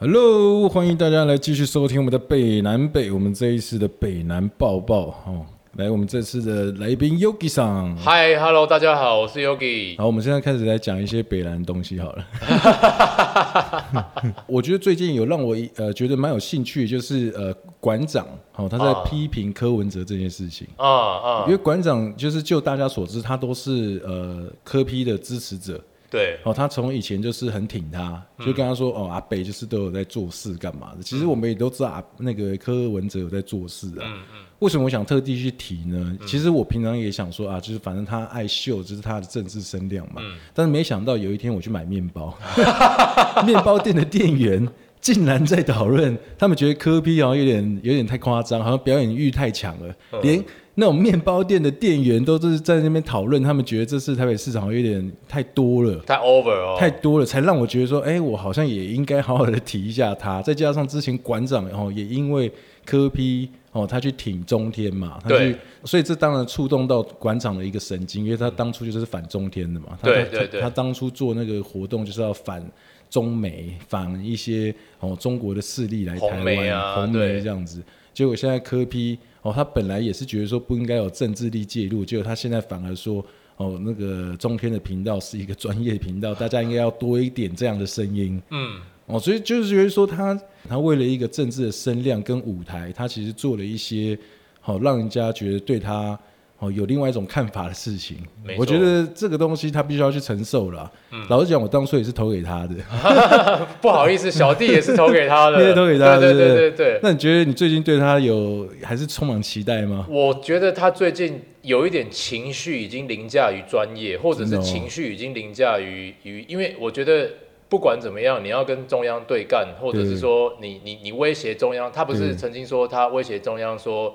Hello，歡迎大家來繼續收聽我們的北南北，我們這一次的北南報報哦。來，我們這次的來賓 Yogi 桑，Hi，Hello，大家好，我是 Yogi。好，我們現在開始來講一些北南東西好了。 我覺得最近有讓我一呃覺得蠻有興趣的，就是呃館長、哦、他在批評柯文哲這件事情啊啊，uh, uh. 因為館長就是就大家所知，他都是呃柯 P 的支持者。對，哦，他從以前就是很挺他，就跟他說，嗯、哦，阿北就是都有在做事幹嘛的。其實我們也都知道、嗯、那個柯文哲有在做事啊。嗯嗯、為什麼我想特地去提呢？嗯、其實我平常也想說啊，就是反正他愛秀，就是他的政治聲量嘛。嗯、但是沒想到有一天我去買麵包， 麵包店的店員竟然在討論，他們覺得柯 P 好像有點有點太誇張，好像表演欲太強了，嗯、連。那種麵包店的店員都是在那邊討論，他們覺得這次台北市場有點太多了，太 over，哦、太多了，才讓我覺得說，哎、欸，我好像也應該好好的提一下他。再加上之前館長哦，也因為柯 P 哦，他去挺中天嘛，他去對，所以這當然觸動到館長的一個神經，因為他當初就是反中天的嘛，對，他他對對對，他當初做那個活動就是要反中美，反一些哦中國的勢力來台灣紅啊，紅媒啊，對這樣子，對結果現在柯 P。哦，他本來也是覺得說不應該有政治力介入，結果他現在反而說，哦，那個中天的頻道是一個專業頻道，大家應該要多一點這樣的聲音，嗯，哦，所以就是覺得說他，他為了一個政治的聲量跟舞台，他其實做了一些，好，哦，讓人家覺得對他。哦，有另外一種看法的事情，錯我覺得這個東西他必須要去承受了。嗯、老實講，我當初也是投給他的， 不好意思，小弟也是投給他的， 你也是投給他，對,對對對對對。那你覺得你最近對他有還是充滿期待嗎？我覺得他最近有一點情緒已經凌駕於專業，或者是情緒已經凌駕於於。因為我覺得不管怎麼樣，你要跟中央對幹，或者是說你對你你威脅中央，他不是曾經說他威脅中央說。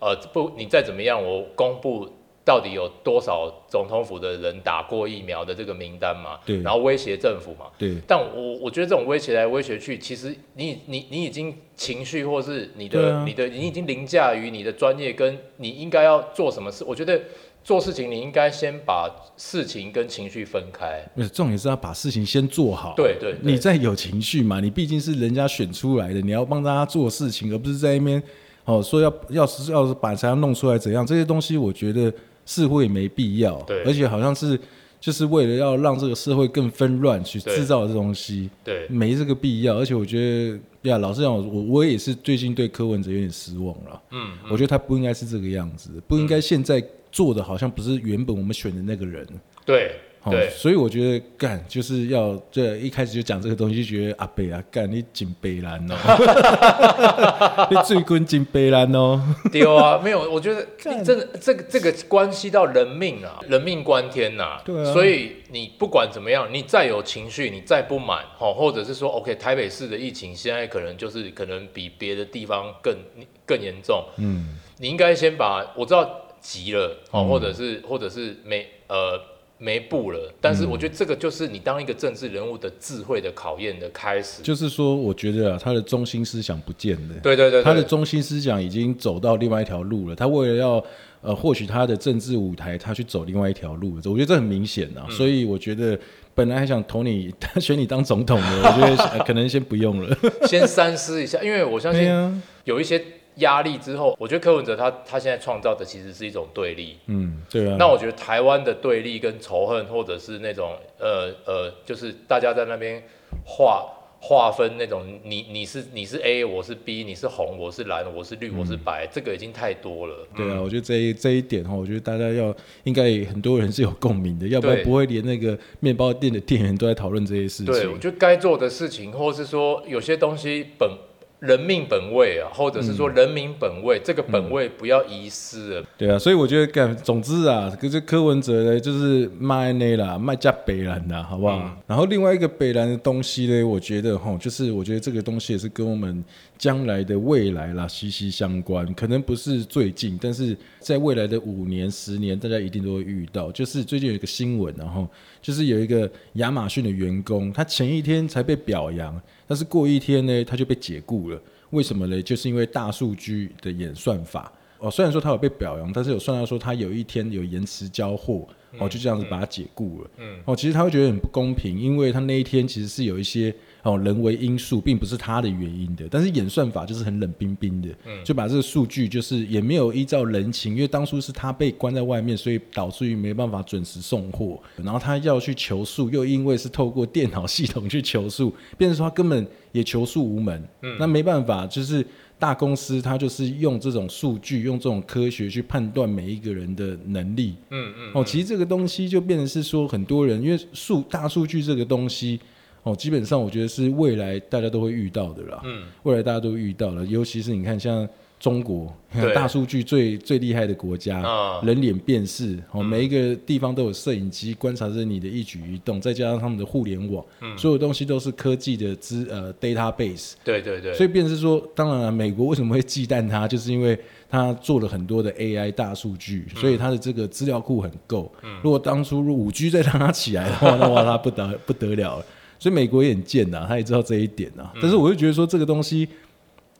呃，不，你再怎麼樣，我公布到底有多少總統府的人打過疫苗的這個名單嘛？對。然後威脅政府嘛？對。但我我覺得這種威脅來威脅去，其實你你你已經情緒或是你的、啊、你的你已經凌駕於你的專業，跟你應該要做什麼事。嗯、我覺得做事情你應該先把事情跟情緒分開。不是重點，是要把事情先做好。對對。對對你在有情緒嘛？你畢竟是人家選出來的，你要幫大家做事情，而不是在那邊。哦，說要要是要是把材料弄出來怎樣？這些東西我覺得似乎也沒必要，對，而且好像是就是為了要讓這個社會更紛亂去制造的這東西，對，對，沒這個必要。而且我覺得呀，老實講，我我也是最近對柯文哲有點失望了，嗯，嗯，我覺得他不應該是這個樣子，不應該現在做的好像不是原本我們選的那個人，對。哦、對，所以我覺得幹就是要，這一開始就講這個東西，就覺得阿北啊，幹你緊北南哦，你最貴禁北南哦， 對啊，沒有，我覺得幹你真的這個這個關係到人命啊，人命關天吶、啊，對啊，所以你不管怎麼樣，你再有情緒，你再不滿，哦、或者是說，OK，台北市的疫情現在可能就是可能比別的地方更更嚴重，嗯，你應該先把我知道急了，哦，嗯、或者是或者是沒呃。沒步了，但是我覺得這個就是你當一個政治人物的智慧的考驗的開始。嗯、就是說，我覺得啊，他的中心思想不見了。對，對對對，他的中心思想已經走到另外一條路了。他為了要呃獲取他的政治舞台，他去走另外一條路。我覺得這很明顯啊，嗯、所以我覺得本來還想投你選你當總統的，我覺得可能先不用了， 先三思一下，因為我相信、哎、呀有一些。壓力之後，我覺得柯文哲他他現在創造的其實是一種對立，嗯，對啊。那我覺得台灣的對立跟仇恨，或者是那種呃呃，就是大家在那邊劃劃分那種你，你你是你是 A，我是 B，你是紅，我是藍，我是綠、嗯、我是白，這個已經太多了。對啊，嗯、我覺得這一這一點哈，我覺得大家要應該很多人是有共鳴的，要不然不會連那個麵包店的店員都在討論這些事情。對，我覺得該做的事情，或是說有些東西本。人命本位啊，或者是說人民本位，嗯、這個本位不要遺失了。對啊，所以我覺得，感總之啊，可、就是柯文哲呢，就是賣內啦，賣家北南啦好不好？嗯、然後另外一個北南的東西呢，我覺得吼，就是我覺得這個東西也是跟我們將來的未來啦息息相關。可能不是最近，但是在未來的五年、十年，大家一定都會遇到。就是最近有一個新聞、啊，然後。就是有一個亞馬遜的員工，他前一天才被表揚，但是過一天呢，他就被解僱了。為什麼呢？就是因為大數據的演算法。哦，雖然說他有被表揚，但是有算到說他有一天有延遲交貨，嗯、哦，就這樣子把他解僱了。嗯、哦，其實他會覺得很不公平，因為他那一天其實是有一些。哦，人為因素並不是他的原因的，但是演算法就是很冷冰冰的，嗯、就把這個數據就是也沒有依照人情，因為當初是他被關在外面，所以導致於沒辦法準時送貨。然後他要去求訴，又因為是透過電腦系統去求訴，變成說他根本也求訴無門。嗯，那沒辦法，就是大公司他就是用這種數據，用這種科學去判斷每一個人的能力。嗯，嗯嗯。哦，其實這個東西就變成是說，很多人因為數大數據這個東西。哦，基本上我覺得是未來大家都會遇到的啦。嗯。未來大家都遇到了，尤其是你看，像中國對像大數據最最厲害的國家，哦、人臉辨識，哦，嗯、每一個地方都有攝影機觀察着你的一舉一動，再加上他們的互聯網，嗯、所有東西都是科技的資呃 database。對對對。所以變成是說，當然了，美國為什麼會忌憚它，就是因為它做了很多的 AI 大數據，所以它的這個資料庫很夠。嗯、如果當初如五 G 再讓它起來的話，嗯、那的話它不得 不得了了。所以美國也很賤吶、啊，他也知道這一點吶、啊。嗯、但是我就覺得說這個東西，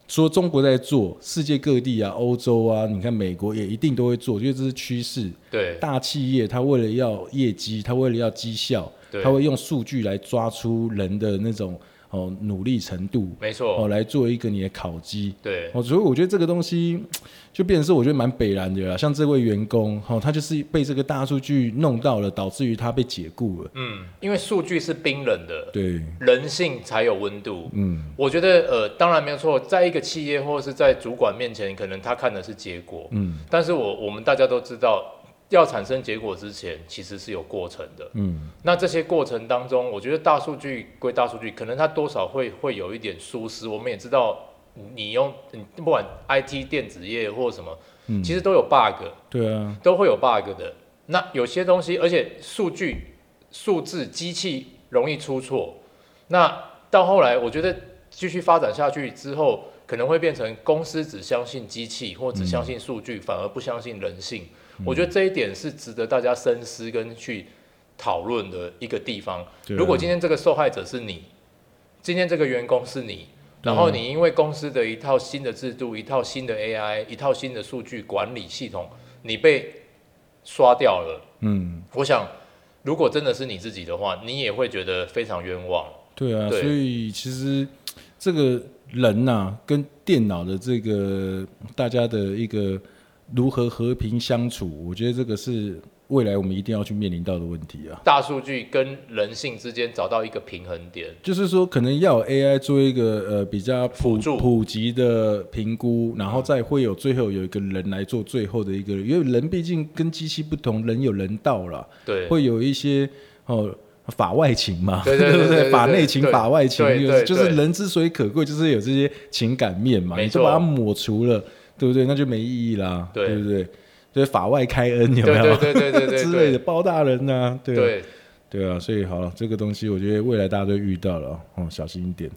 說中國在做，世界各地啊、歐洲啊，你看美國也一定都會做，因為這是趨勢。對，大企業它為了要業績，它為了要績效，它對，會用數據來抓出人的那種。哦，努力程度沒錯。哦，來做一個你的考績。對哦，所以我覺得這個東西，就變成是我覺得蠻北南的啦，像這位員工哦，他就是被這個大數據弄到了，導致於他被解僱了。嗯，因為數據是冰冷的，對人性才有溫度。嗯，我覺得，呃，當然沒有錯，在一個企業或者是在主管面前，可能他看的是結果。嗯，但是我我們大家都知道。要產生結果之前，其實是有過程的。嗯，那這些過程當中，我覺得大數據歸大數據，可能它多少會會有一點疏失。我們也知道你，你用不管 IT 電子業或什麼，嗯，其實都有 bug。對啊，都會有 bug 的。那有些東西，而且數據、數字、機器容易出錯。那到後來，我覺得繼續發展下去之後，可能會變成公司只相信機器或者只相信數據，嗯，反而不相信人性。我覺得這一點是值得大家深思跟去討論的一個地方。如果今天這個受害者是你，今天這個員工是你，然後你因為公司的一套新的制度、一套新的 AI、一套新的數據管理系統，你被刷掉了。嗯，我想如果真的是你自己的話，你也會覺得非常冤枉。對啊，所以其實這個人吶、啊，跟電腦的這個大家的一個。如何和平相處？我覺得這個是未來我們一定要去面臨到的問題啊！大數據跟人性之間找到一個平衡點，就是說可能要有 AI 做一個呃比較普助普及的評估，然後再會有最後有一個人來做最後的一個，因為人畢竟跟機器不同，人有人道了，對，會有一些哦法外情嘛，對對對，對，對，對對對？ 法內情、法外情，就是人之所以可貴，就是有這些情感面嘛，錯你就把它抹除了。對不對？那就沒意義啦，對，對不對？對、就是，法外開恩有沒有？對對對對，對，對，對之類的包大人吶、啊，對啊對，對啊。所以好了，這個東西我覺得未來大家都遇到了哦，小心一點。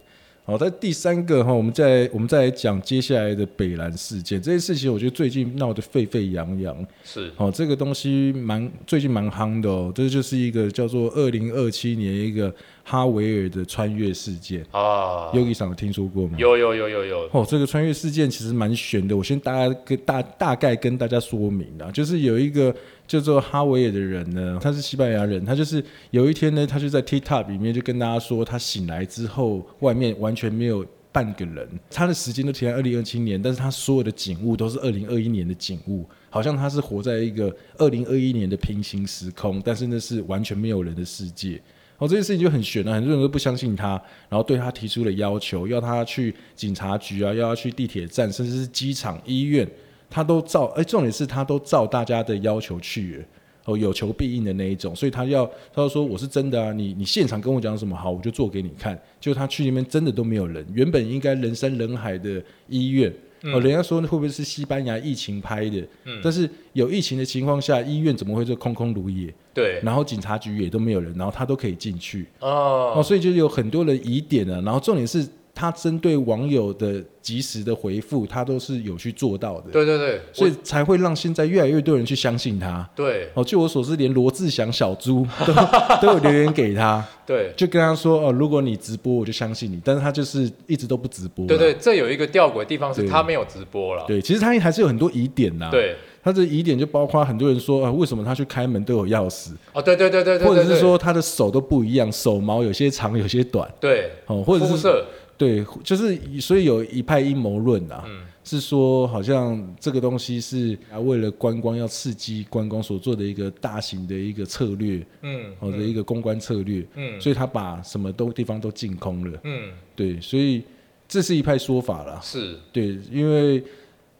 好，在第三個哈、哦，我們在我們再來講接下來的北南事件。這件事情我覺得最近鬧得沸沸揚揚，是哦，這個東西蠻最近蠻夯的哦。這就是一個叫做二零二七年一個。哈維爾的穿越事件啊、oh, Yogi 桑有聽說過嗎？有有有有有哦，這個穿越事件其實蠻懸的。我先大家跟大大概跟大家說明啊，就是有一個叫做哈維爾的人呢，他是西班牙人，他就是有一天呢，他就在 TikTok 裡面就跟大家說，他醒來之後外面完全沒有半個人，他的時間都停在二零二七年，但是他所有的景物都是二零二一年的景物，好像他是活在一個二零二一年的平行時空，但是那是完全沒有人的世界。哦，這件事情就很玄了，啊，很多人都不相信他，然後對他提出了要求，要他去警察局啊，要他去地鐵站，甚至是機場、醫院，他都照。哎，重點是他都照大家的要求去，哦，有求必應的那一種。所以他要，他就說我是真的啊，你你現場跟我講什麼好，我就做給你看。就他去那邊真的都沒有人，原本應該人山人海的醫院。哦，人家說那會不會是西班牙疫情拍的？嗯，但是有疫情的情況下，醫院怎麼會是空空如也？對，然後警察局也都沒有人，然後他都可以進去哦，哦，所以就有很多的疑點啊。然後重點是，他針對網友的及時的回復，他都是有去做到的。對對對，所以才會讓現在越來越多人去相信他。對。哦，據我所知，連羅志祥、小豬都 都有留言給他。對。就跟他說：“哦，如果你直播，我就相信你。”但是他就是一直都不直播。對對，這有一個吊詭的地方是他沒有直播了。對，其實他還是有很多疑點吶、啊。對。他的疑點就包括很多人說：“啊、呃，為什麼他去開門都有鑰匙？”哦，對對對對，對，對，對，對，對。或者是說他的手都不一樣，手毛有些長，有些短。對。哦，或者是。對，就是所以有一派陰謀論啊，嗯、是說好像這個東西是啊為了觀光，要刺激觀光所做的一個大型的一個策略，嗯，好、嗯哦、的一個公關策略，嗯，所以他把什麼都地方都淨空了，嗯，對，所以這是一派說法啦。是，對，因為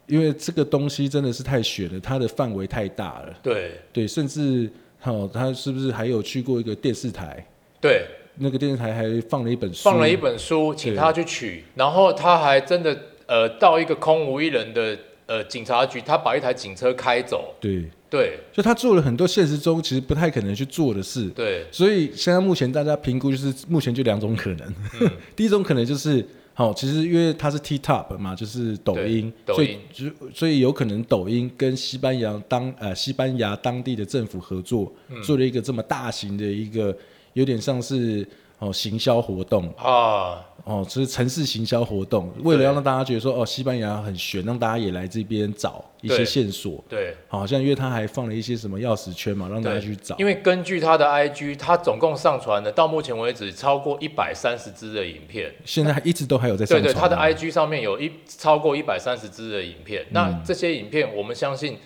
因為這個東西真的是太懸了，它的範圍太大了，對，對，甚至哦，他是不是還有去過一個電視台？對。那個電視台還放了一本書，放了一本書，對請他去取，然後他還真的呃到一個空無一人的呃警察局，他把一台警車開走。對對，對就他做了很多現實中其實不太可能去做的事。對，所以現在目前大家評估就是目前就兩種可能， 嗯、第一種可能就是好、哦，其實因為他是 TikTok 嘛，就是抖音，抖音所以所以有可能抖音跟西班牙當呃西班牙當地的政府合作，嗯、做了一個這麼大型的一個。有點像是哦行銷活動啊，哦，啊哦就是城市行銷活動，對為了讓大家覺得說哦西班牙很玄，讓大家也來這邊找一些線索，對，好、哦、像因為他還放了一些什麼鑰匙圈嘛，讓大家去找。因為根據他的 IG，他總共上傳的到目前為止超過一百三十支的影片，現在還一直都還有在上傳，對對，對他的 IG 上面有一超過一百三十支的影片，那、嗯、這些影片我們相信。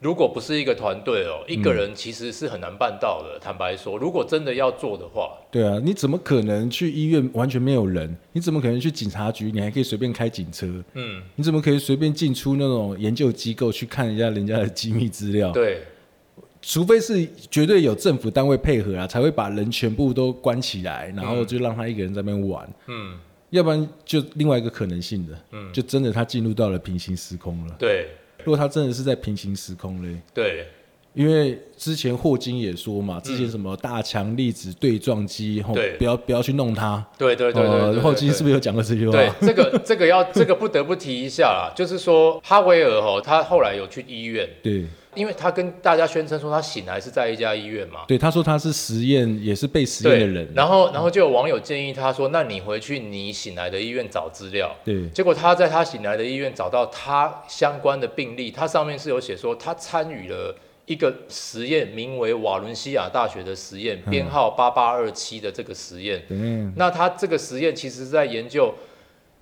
如果不是一個團隊哦，一個人其實是很難辦到的。嗯，坦白說，如果真的要做的話，對啊，你怎麼可能去醫院完全沒有人？你怎麼可能去警察局？你還可以隨便開警車？嗯，你怎麼可以隨便進出那種研究機構去看一下人家的機密資料？對，除非是絕對有政府單位配合啊，才會把人全部都關起來，然後就讓他一個人在那邊玩。嗯，要不然就另外一個可能性的，嗯，就真的他進入到了平行時空了。對。如果他真的是在平行時空咧？對。因為之前霍金也說嘛，之前什麼大強粒子對撞機，吼，不要不要去弄它。對對對對。霍金是不是有講過這句話？對，這個這個要這個不得不提一下啦，就是說哈維爾吼，他後來有去醫院。對。因為他跟大家宣稱說他醒來是在一家醫院嘛。對，他說他是實驗，也是被實驗的人。然後，然後就有網友建議他說：“那你回去你醒來的醫院找資料。”對。結果他在他醒來的醫院找到他相關的病例，他上面是有寫說他參與了。一個實驗，名為瓦倫西亞大學的實驗，編號八八二七的這個實驗。嗯，那它這個實驗其實是在研究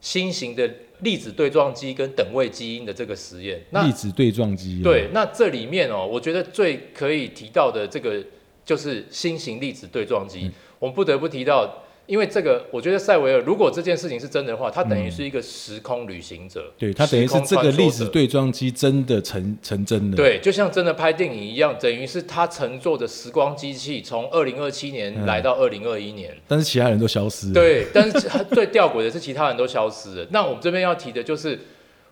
新型的粒子對撞機跟等位基因的這個實驗。那粒子對撞機。對，那這裡面哦，我覺得最可以提到的這個就是新型粒子對撞機。嗯，我們不得不提到。因為這個，我覺得哈維爾如果這件事情是真的話，他等於是一個時空旅行者，嗯、對他等於是這個粒子對撞機真的成成真的，對，就像真的拍電影一樣，等於是他乘坐的時光機器從二零二七年來到二零二一年、嗯，但是其他人都消失，對，但是他最吊詭的是其他人都消失了。 那我們這邊要提的就是，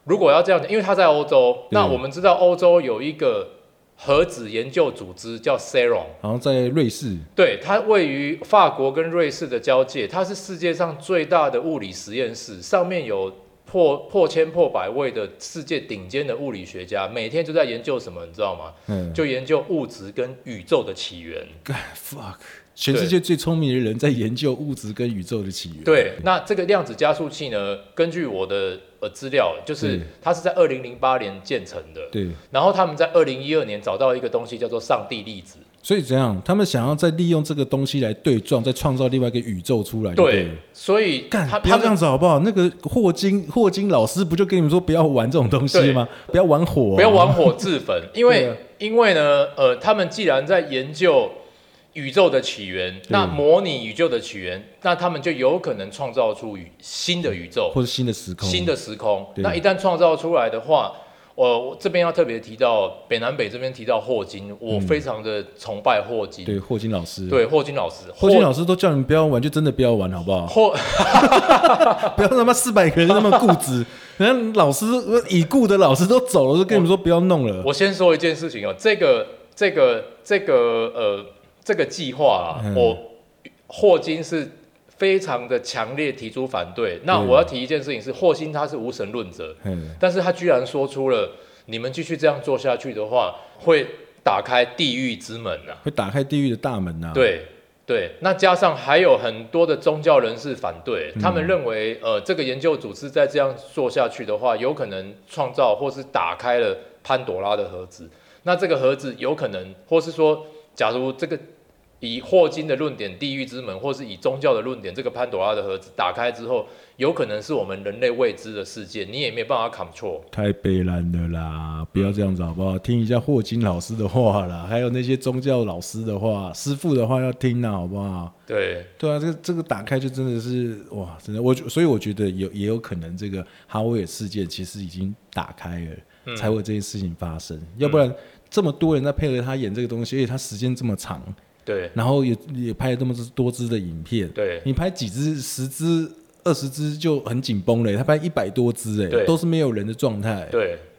如果要這樣，因為他在歐洲，對那我們知道歐洲有一個。核子研究組織叫 CERN，然後在瑞士。對，它位於法國跟瑞士的交界，它是世界上最大的物理實驗室，上面有。破破千破百,百位的世界頂尖的物理學家，每天就在研究什麼？你知道嗎？嗯，就研究物質跟宇宙的起源。God, fuck！對全世界最聰明的人在研究物質跟宇宙的起源。對，那這個量子加速器呢？根據我的呃資料，就是對它是在二零零八年建成的。對，然後他們在二零一二年找到一個東西，叫做上帝粒子。所以怎樣？他們想要再利用這個東西來對撞，再創造另外一個宇宙出來對。對，所以幹他別這樣子好不好？就那個霍金，霍金老師不就跟你們說不要玩這種東西嗎？對不要玩火，啊，不要玩火自焚。因為， 啊、因為呢，呃，他們既然在研究宇宙的起源，對那模擬宇宙的起源，那他們就有可能創造出與新的宇宙，嗯、或者新的時空，新的時空。對那一旦創造出來的話。我、呃、這邊要特別提到北南北這邊提到霍金，嗯、我非常的崇拜霍金。對霍金老師，對霍金老師，霍金老師都叫你們不要玩，就真的不要玩，好不好？霍， 不要那麼四百個人，就那麼固執。 人家老師，已故的老師都走了，就跟你們說不要弄了我。我先說一件事情哦、喔，這個、這個、這個、呃，這個計劃、啊，嗯、我霍金是。非常的強烈提出反對。那我要提一件事情是，霍心他是無神論者，啊、但是他居然說出了，你們繼續這樣做下去的話，會打開地獄之門啊，會打開地獄的大門啊。對對，那加上還有很多的宗教人士反對，嗯、他們認為，呃，這個研究組織在這樣做下去的話，有可能創造或是打開了潘多拉的盒子。那這個盒子有可能，或是說，假如這個。以霍金的論點，地獄之門，或是以宗教的論點，這個潘朵拉的盒子打開之後，有可能是我們人類未知的世界，你也沒有辦法 control。太北南的啦，不要這樣子好不好？聽一下霍金老師的話啦，對還有那些宗教老師的話、師傅的話要聽了好不好？對對啊，這個這個打開就真的是哇，真的我所以我覺得有也有可能，這個哈維爾事件其實已經打開了，嗯、才會這些事情發生，嗯、要不然這麼多人在配合他演這個東西，而且他時間這麼長。對，然後也也拍了這麼多支的影片。對，你拍幾支、十支？二十只就很緊繃了，他拍一百多只哎，都是沒有人的狀態，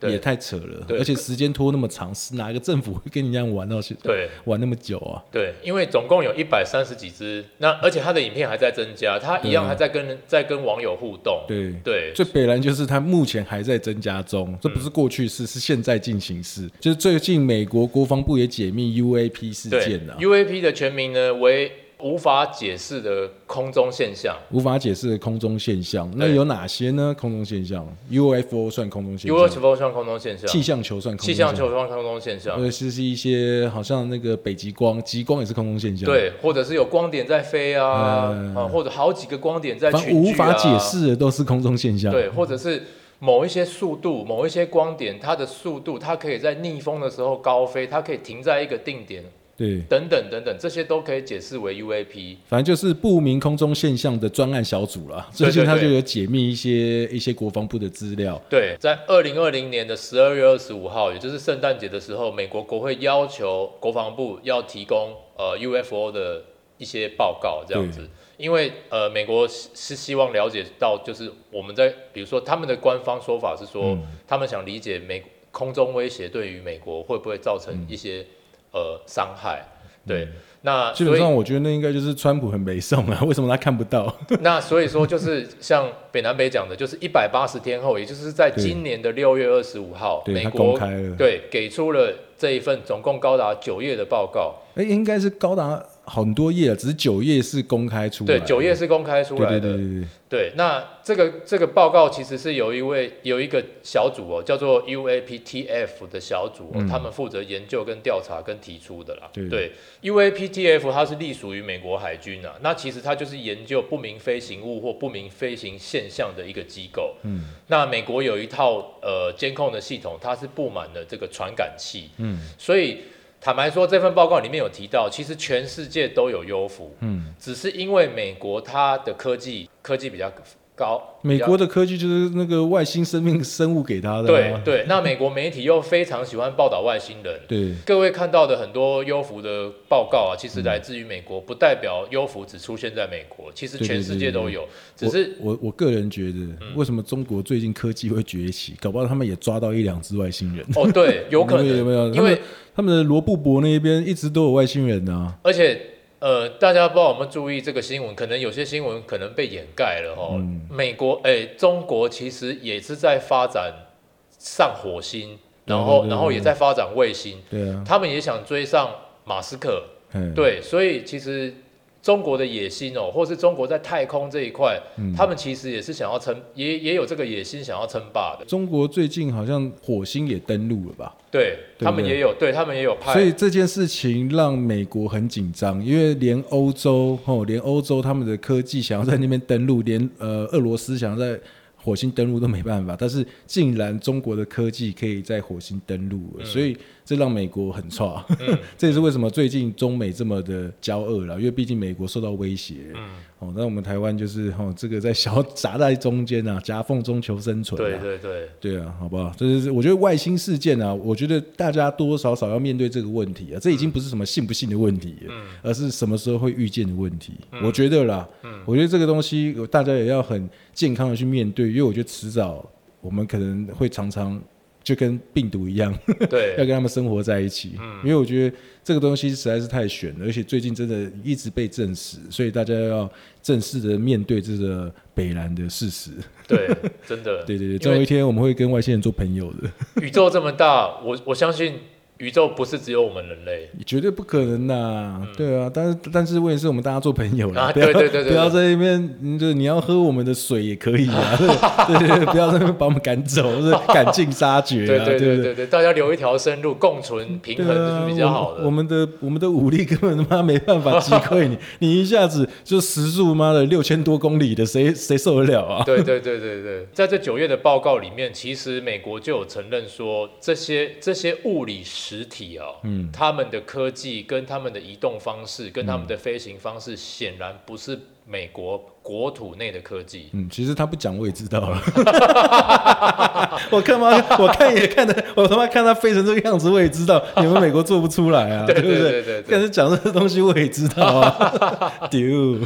也太扯了。而且時間拖那麼長，是哪一個政府會跟你這樣玩到去？對，玩那麼久啊？對，因為總共有一百三十幾只，那而且他的影片還在增加，他一樣還在跟在跟網友互動。對對，最北南就是他目前還在增加中，這不是過去式，是現在進行式。就是最近美國國防部也解密 UAP 事件啊 UAP 的全名呢為無法解釋的空中現象，無法解釋的空中現象，那有哪些呢？空中現象，UFO 算空中現象，UFO 算空中現象，氣象球算氣象球算空中現象，尤其是一些好像那個北極光，極光也是空中現象，對，或者是有光點在飛啊，或者好幾個光點在群，無法解釋的都是空中現象，對，或者是某一些速度，某一些光點，它的速度，它可以在逆風的時候高飛，它可以停在一個定點。對，等等等等，這些都可以解釋為 UAP，反正就是不明空中現象的專案小組啦。對對對，最近他就有解密一些一些國防部的資料。對，在二零二零年的十二月二十五號，也就是聖誕節的時候，美國國會要求國防部要提供、呃、UFO 的一些報告，這樣子，對因為呃美國是是希望了解到，就是我們在比如說他們的官方說法是說，嗯、他們想理解美空中威脅對於美國會不會造成一些。嗯呃，傷害，對，嗯、那所以基本上我覺得那應該就是川普很沒送啊，為什麼他看不到？那所以說就是像。 北南北講的就是一百八十天後，也就是在今年的六月二十五號，對美國對給出了這一份總共高達九頁的報告。哎，應該是高達很多頁啊，只是九頁是公開出來。對，九頁是公開出來的。對對對對對。對，那這個這個報告其實是有一位有一個小組哦，叫做 UAPTF 的小組，哦，嗯、他們負責研究跟調查跟提出的啦。對，對，UAPTF 它是隸屬於美國海軍啊，那其實它就是研究不明飛行物或不明飛行現。像的一個機構，嗯，那美國有一套呃監控的系統，它是布滿了這個傳感器，嗯，所以坦白說，這份報告裡面有提到，其實全世界都有 UFO，嗯，只是因為美國它的科技科技比較。高美國的科技就是那個外星生命生物給他的。 對，對對。那美國媒體又非常喜歡報道外星人，對。各位看到的很多幽浮的報告啊，其實來自於美國，嗯、不代表幽浮只出現在美國，其實全世界都有。對對對對，只是我我，我個人覺得，為什麼中國最近科技會崛起？嗯、搞不好他們也抓到一兩只外星人。哦，對，有可能 有沒有？有沒有因為他們，他們的羅布泊那邊一直都有外星人呢、啊。而且。呃，大家幫我們注意這個新聞，可能有些新聞可能被掩蓋了哦。嗯、美國，誒、欸，中國其實也是在發展上火星，對對對，然後，然後也在發展衛星，對啊，他們也想追上馬斯克，嗯、對，所以其實。中國的野心哦，或是中國在太空這一塊，嗯、他們其實也是想要稱，也也有這個野心想要稱霸的。中國最近好像火星也登陸了吧？對，對，對，他們也有，對他們也有派。所以這件事情讓美國很緊張，因為連歐洲哦，連歐洲他們的科技想要在那邊登陸，連呃俄羅斯想要在火星登陸都沒辦法，但是竟然中國的科技可以在火星登陸了，嗯、所以。這讓美國很差，這也是為什麼最近中美這麼的交惡了，因為畢竟美國受到威脅。嗯、哦，那我們台灣就是吼、哦、這個在小夾在中間啊，夾縫中求生存。對對對，對啊，好不好？就是我覺得外星事件啊，我覺得大家多多少少要面對這個問題啊，這已經不是什麼信不信的問題，嗯、而是什麼時候會遇見的問題。嗯、我覺得啦，嗯、我覺得這個東西大家也要很健康的去面對，因為我覺得遲早我們可能會常常。就跟病毒一樣， 對，要跟他們生活在一起。嗯，因為我覺得這個東西實在是太懸了，而且最近真的一直被證實，所以大家要正式的面對這個北南的事實。對，呵呵，真的。對對對，總有為一天我們會跟外星人做朋友的。宇宙這麼大， 我我相信。宇宙不是只有我們人類，絕對不可能吶！對啊，但是但是，問題是我們大家做朋友啦。對對對，不要在那邊，就是你要喝我們的水也可以啊。對對，不要在那邊把我們趕走，是趕盡殺絕！對對對對對，大家留一條生路，共存平衡就是比較好的。我們的我們的武力根本他媽沒辦法擊潰你，你一下子就時速媽的六千多公里的，誰誰受得了啊？對對對對對，在這九月的報告裡面，其實美國就有承認說，這些這些物理。實體啊、哦，嗯，他們的科技、跟他們的移動方式、跟他們的飛行方式，顯然不是美國，嗯，國土內的科技，嗯，其實他不講我也知道了 我嘛，我他我看也看得，我他媽看他飛成這個樣子我也知道， 你們美國做不出來啊， 對不對？但是講這些東西我也知道啊，丟，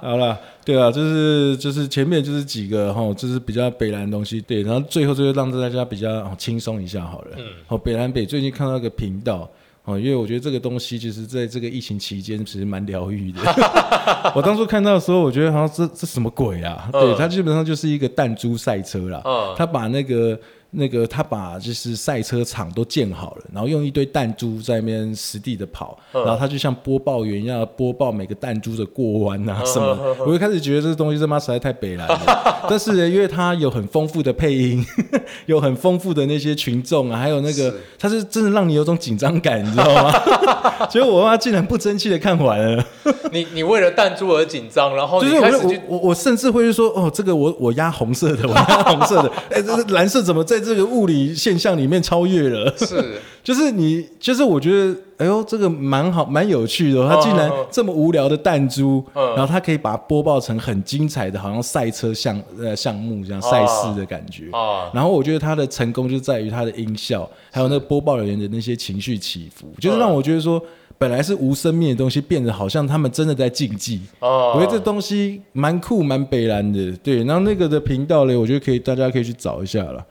好了，對啊，就是就是前面就是幾個哈、哦，就是比較北南的東西，對，然後最後就會讓大家比較輕鬆一下好了，好、嗯哦、北南北最近看到一個頻道。哦，因為我覺得這個東西，其實在這個疫情期間，其實蠻療癒的。 我當初看到的時候，我覺得好像、啊、這這什麼鬼啊？嗯、對它基本上就是一個彈珠賽車啦。它、嗯、把那個。那個他把就是賽車場都建好了，然後用一堆彈珠在那邊實地的跑，嗯、然後他就像播報員一樣播報每個彈珠的過彎啊什麼。呵呵呵，我一開始覺得這個東西他媽實在太北南了， 但是因為他有很豐富的配音， 有很豐富的那些群眾啊，還有那個他是真的讓你有種緊張感，是你知道嗎？ 結果我媽竟然不爭氣的看完了。 你你為了彈珠而緊張，然後就開始就是我我，我，我甚至會說哦，這個我我壓紅色的，我壓紅色的，哎 這是藍色怎麼這。在這個物理現象裡面超越了，是， 就是你，就是我覺得，哎呦，這個蠻好，蠻有趣的。他竟然這麼無聊的彈珠，啊、然後他可以把它播報成很精彩的，好像賽車項呃項目這樣賽事的感覺。啊、然後我覺得他的成功就在於他的音效，是 還有那個播報人員的那些情緒起伏，啊、就是讓我覺得說，本來是無生命的東西，變得好像他們真的在競技。哦，啊、我覺得這東西蠻酷，蠻北南的。對，然後那個的頻道嘞，我覺得可以，大家可以去找一下了。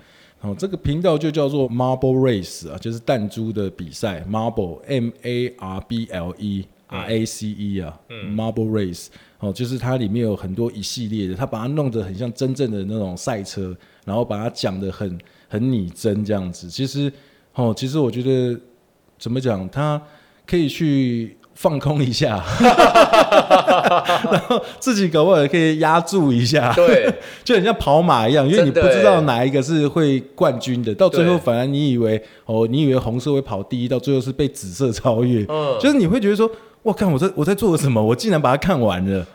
哦，這個頻道就叫做 Marble Race 啊，就是彈珠的比賽，Marble M A R B L E R A C E 啊，Marble Race 哦，就是它裡面有很多一系列的，它把它弄得很像真正的那種賽車，然後把它講得很很擬真這樣子。其實，哦，其實我覺得怎麼講，它可以去。放空一下， 然後自己搞不好也可以押注一下。對，就很像跑馬一樣，因為你不知道哪一個是會冠軍的，到最後反而你以為哦，你以為紅色會跑第一，到最後是被紫色超越。嗯，就是你會覺得說，我看我在我在做什麼？我竟然把它看完了。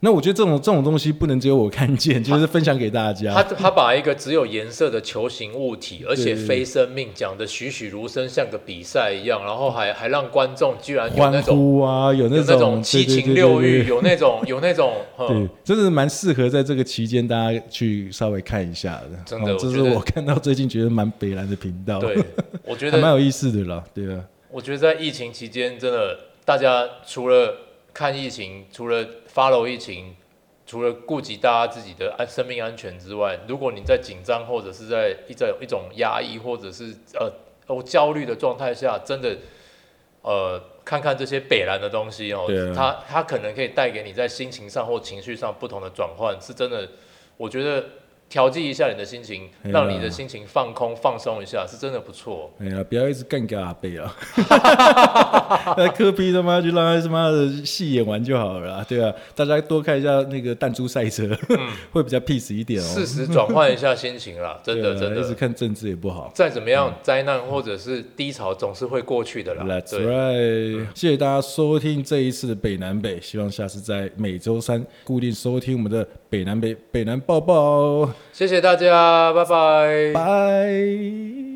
那我覺得這種這種東西不能只有我看見，就是分享給大家。他他，他把一個只有顏色的球形物體，而且非生命，講得栩栩如生，像個比賽一樣，對然後還還讓觀眾居然有那種歡呼啊，有那種七情六慾，有那種有那種，對，真的蠻適合在這個期間大家去稍微看一下的。真的，嗯，這是我看到最近覺得蠻北南的頻道，對，我覺得蠻有意思的了，對啊。我覺得在疫情期間，真的大家除了。看疫情，除了 follow 疫情，除了顧及大家自己的安生命安全之外，如果你在緊張或者是在一種一種壓抑或者是呃哦、呃、焦慮的狀態下，真的，呃，看看這些北南的東西哦，啊、它它可能可以帶給你在心情上或情緒上不同的轉換，是真的，我覺得。調劑一下你的心情，讓你的心情放空、放鬆一下，是真的不錯。哎呀，不要一直幹架阿北啊！那柯 P 他媽就讓他他媽的戲演完就好了啦，對啊。大家多看一下那個彈珠賽車，會比較 peace 一點哦。適時轉換一下心情啦，真的，真的，一直看政治也不好。再怎麼樣，災難或者是低潮總是會過去的啦。That's right，謝謝大家收聽這一次的北南北，希望下次在每周三固定收聽我們的。北南北北南報報，謝謝大家，拜拜，拜。